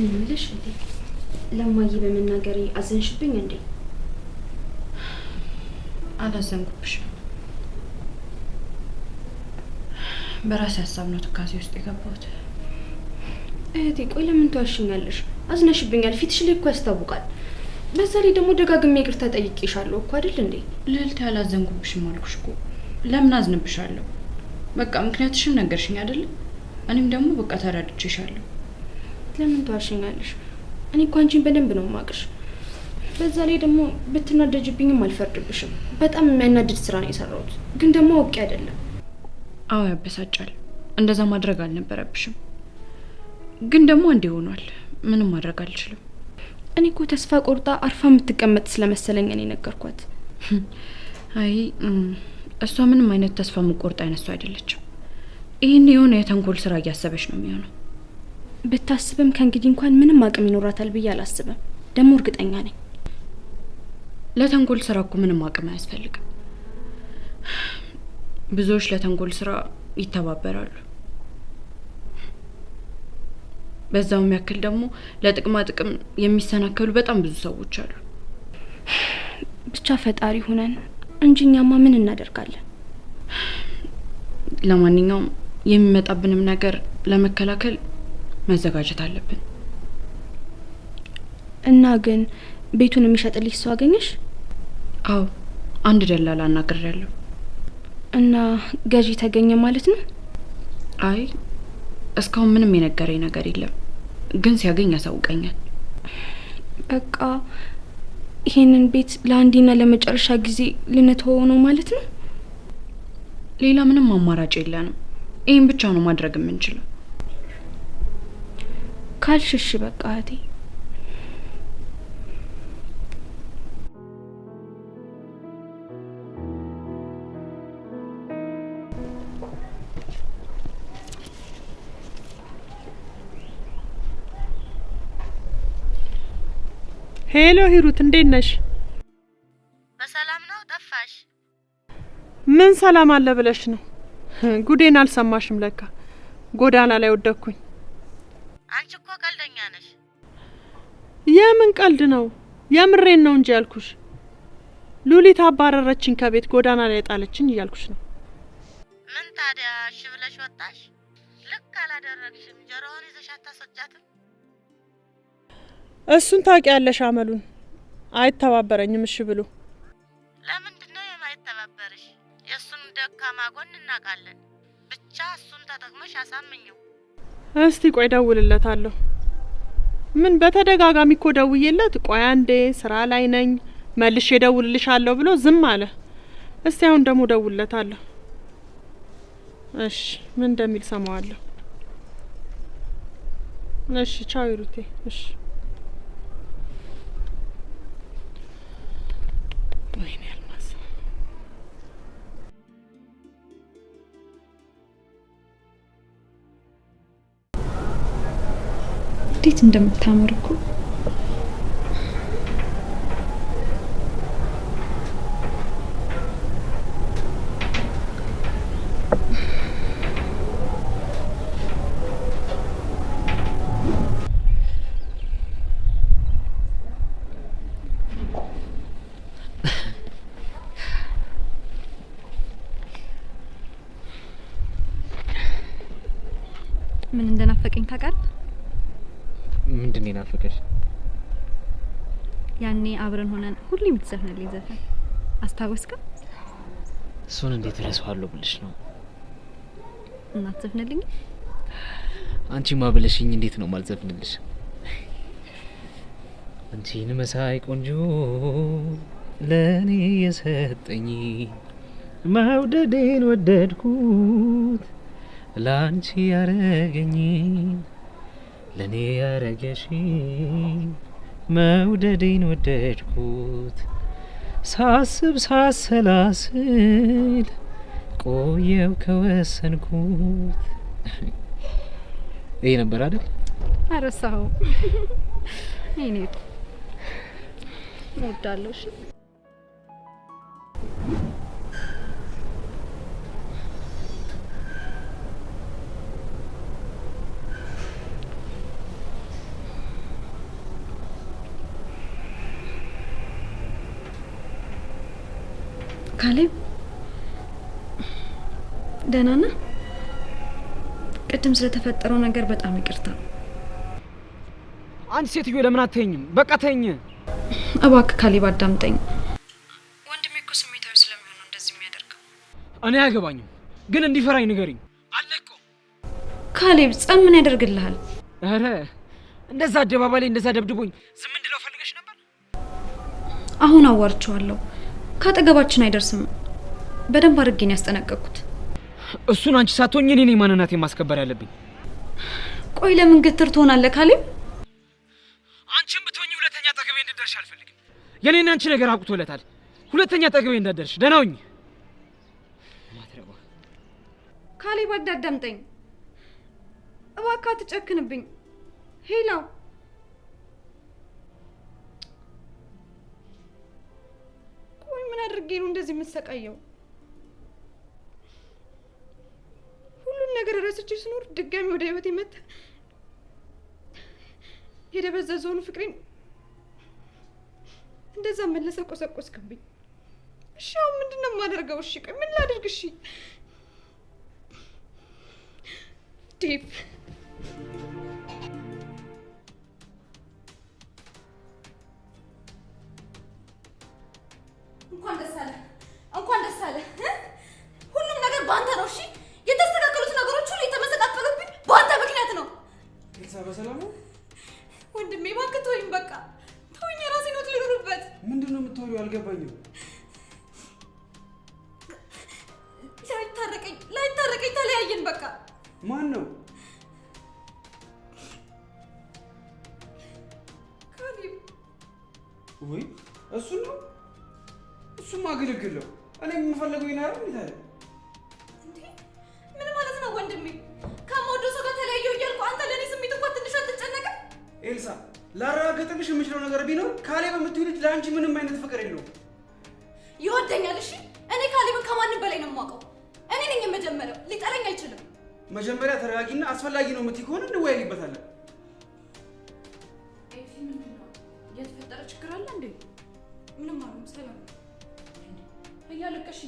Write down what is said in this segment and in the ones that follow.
እንምልሽ እንዴ ለማዬ በመናገሬ አዘንሽብኝ እንዴ? አላዘንኩብሽም። በራሴ ሀሳብ ነው ትካዜ ውስጥ የገባሁት። እህቴ ቆይ ለምን ተዋሽኛለሽ? አዝነሽብኛል። ፊትሽ ላይ እኮ ያስታውቃል። በዛ ላይ ደግሞ ደጋግሜ ይቅርታ ጠይቄሻለሁ እኮ አይደል እንዴ? ልዕልት ያላዘንኩብሽም አልኩሽ እኮ። ለምን አዝንብሻለሁ? በቃ ምክንያትሽን ነገርሽኝ አይደል? እኔም ደግሞ በቃ ተረድቼሻለሁ። ለምን ትዋሽኛለሽ? እኔ እኮ አንቺን በደንብ ነው ማቅሽ። በዛ ላይ ደግሞ ብትናደጅብኝም አልፈርድብሽም። በጣም የሚያናድድ ስራ ነው የሰራሁት፣ ግን ደግሞ አውቄ አይደለም። አዎ ያበሳጫል። እንደዛ ማድረግ አልነበረብሽም፣ ግን ደግሞ እንዲህ ሆኗል። ምንም ማድረግ አልችልም። እኔ እኮ ተስፋ ቆርጣ አርፋ የምትቀመጥ ስለመሰለኝ እኔ ነገርኳት። አይ እሷ ምንም አይነት ተስፋ የምቆርጥ አይነት አይደለችም። ይህን የሆነ የተንኮል ስራ እያሰበች ነው የሚሆነው ብታስብም ከእንግዲህ እንኳን ምንም አቅም ይኖራታል ብዬ አላስብም። ደግሞ እርግጠኛ ነኝ ለተንኮል ስራ እኮ ምንም አቅም አያስፈልግም። ብዙዎች ለተንኮል ስራ ይተባበራሉ። በዛውም ያክል ደግሞ ለጥቅማ ጥቅም የሚሰናከሉ በጣም ብዙ ሰዎች አሉ። ብቻ ፈጣሪ ሁነን እንጂ እኛማ ምን እናደርጋለን? ለማንኛውም የሚመጣብንም ነገር ለመከላከል መዘጋጀት አለብን። እና ግን ቤቱን የሚሸጥልሽ ሰው አገኘሽ? አዎ አንድ ደላላ ያለው። እና ገዢ ተገኘ ማለት ነው? አይ እስካሁን ምንም የነገረኝ ነገር የለም፣ ግን ሲያገኝ ያሳውቀኛል። በቃ ይሄንን ቤት ለአንዴና ለመጨረሻ ጊዜ ልንተወው ነው ማለት ነው። ሌላ ምንም አማራጭ የለንም። ይህን ብቻ ነው ማድረግ የምንችለው። ካልሽሽ በቃ እህቴ ሄሎ ሂሩት፣ እንዴት ነሽ? በሰላም ነው? ጠፋሽ። ምን ሰላም አለ ብለሽ ነው? ጉዴን አልሰማሽም ለካ። ጎዳና ላይ ወደኩኝ። አንቺ እኮ ቀልደኛ ነሽ። የምን ቀልድ ነው? የምሬን ነው እንጂ ያልኩሽ። ሉሊት አባረረችኝ ከቤት ጎዳና ላይ ጣለችኝ እያልኩሽ ነው። ምን ታዲያ እሺ ብለሽ ወጣሽ? ልክ አላደረግሽም። ጆሮውን ይዘሽ አታስወጫትም? እሱን ታውቂያለሽ አመሉን። አይተባበረኝም እሺ ብሎ። ለምንድን ነው የማይተባበርሽ? የእሱን ደካማ ጎን እናውቃለን። ብቻ እሱን ተጠቅመሽ አሳምኝው። እስቲ ቆይ ደውልለታለሁ። ምን በተደጋጋሚ እኮ ደውዬለት ቆይ አንዴ ስራ ላይ ነኝ መልሼ ደውልልሻለሁ ብሎ ዝም አለ። እስቲ አሁን ደግሞ ደውልለታለሁ። እሺ ምን እንደሚል ሰማዋለሁ። እሺ ቻው ሩቴ። እሺ እንዴት እንደምታምር እኮ ምን እንደናፈቀኝ ታውቃለህ? ምንድን ነው የናፈቀሽ? ያኔ አብረን ሆነን ሁሌ የምትዘፍንልኝ ዘፈን አስታወስከው? እሱን እንዴት እረሳዋለሁ ብልሽ ነው እናትዘፍንልኝ? አንቺ ማ ብለሽኝ እንዴት ነው ማልዘፍንልሽ? አንቺን መሳይ ቆንጆ ለእኔ የሰጠኝ መውደዴን ወደድኩት ላንቺ ያረገኝ ለእኔ ያረገሽ መውደዴን ወደድኩት ሳስብ ሳሰላስል ቆየው ከወሰንኩት። ይሄ ነበር አይደል? አረሳሁ። እኔ እወዳለሁ። ካሌብ ደህና ነህ? ቅድም ስለተፈጠረው ነገር በጣም ይቅርታ። አንድ ሴትዮ ለምን አትተኝም? በቃ ተኝ እባክህ ካሌብ አዳምጠኝ። ወንድሜ እኮ ስሜታዊ ስለሚሆን ነው እንደዚህ የሚያደርገው። እኔ አያገባኝም፣ ግን እንዲፈራኝ ንገሪኝ። አለ ካሌብ። ጸብ ምን ያደርግልሃል? ኧረ እንደዛ አደባባይ ላይ እንደዛ ደብድቦኝ ዝም እንድለው ፈልገሽ ነበር? አሁን አዋርቸዋለሁ። ከአጠገባችን አይደርስም። በደንብ አድርጌን ያስጠነቀቅኩት እሱን። አንቺ ሳትሆኝ እኔ ነኝ ማንነቴን ማስከበር ያለብኝ። ቆይ ለምን ግትር ትሆናለህ ካሌብ? አንቺም ብትሆኝ ሁለተኛ ጠገቤ እንድደርሽ አልፈልግም። የኔን አንቺ ነገር አውቅቶለታል። ሁለተኛ ጠገቤ እንዳደርሽ ደህና ሁኚ። ካሌብ አዳዳምጠኝ እባክህ፣ አትጨክንብኝ ሄላው ምን አድርጌ ነው እንደዚህ የምሰቃየው? ሁሉን ነገር ረስቼ ስኖር ድጋሚ ወደ ህይወት የመጣ የደበዘዘውን ፍቅሬን እንደዛ መለሰ ቆሰቆስክብኝ። እሺ አሁን ምንድን ነው የማደርገው? እሺ ቆይ ምን ላድርግ? እሺ ዲፕ እንኳን ደስ አለ፣ እንኳን ደስ አለ። ሁሉም ነገር በአንተ ነው። እሺ፣ የተስተካከሉት ነገሮች ሁሉ የተመሰቃቀሉብኝ በአንተ ምክንያት ነው። በሰላም ወንድሜ? እባክህ ተወኝ፣ በቃ ተወኝ። የራሴ ኖት ልኑርበት። ምንድን ነው የምትወሪው? አልገባኝም። ላይታረቀኝ፣ ላይታረቀኝ፣ ተለያየን በቃ። ማን ነው ወይ? ግልግል ነው። እኔ የምፈልገው ይናረ እንዴት ምን ማለት ነው ወንድሜ? ከሞዶ ሰው ጋር ተለያየሁ እያልኩ አንተ ስሜት ትንሽ ኤልሳ፣ ላረጋግጥልሽ የምችለው ነገር ቢኖር ካሌብ የምትይው ልጅ ለአንቺ ምንም አይነት ፍቅር የለውም። ይወደኛል። እሺ፣ እኔ ካሌብን ከማንም በላይ ነው የማውቀው። እኔ ነኝ የመጀመሪያው። አይችልም። መጀመሪያ ተረጋጊና አስፈላጊ ነው የምትይ ከሆነ እንወያይበታለን።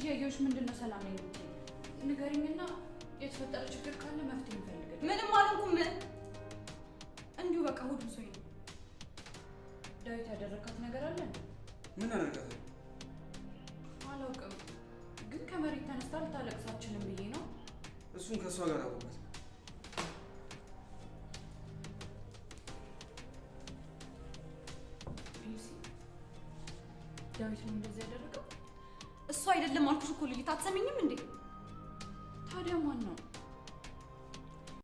ያየሁሽ ምንድን ነው ሰላም ላይ ምት ንገሪኝና የተፈጠረ ችግር ካለ መፍትሄ እንፈልጋለን። ምንም አልኩም። እንዲሁ በቃ ሁሉ ሰው ዳዊት ያደረካት ነገር አለ። ምን አደረጋት አላውቅም፣ ግን ከመሬት ተነስታ ልታለቅሳችንም ብዬ ነው። እሱን ከእሷ ጋር አወቀት። ዳዊት ነው እንደዚህ ያደረገው። እሱ አይደለም አልኩሽ እኮ ሉሊት፣ አትሰሚኝም እንዴ? ታዲያ ማን ነው?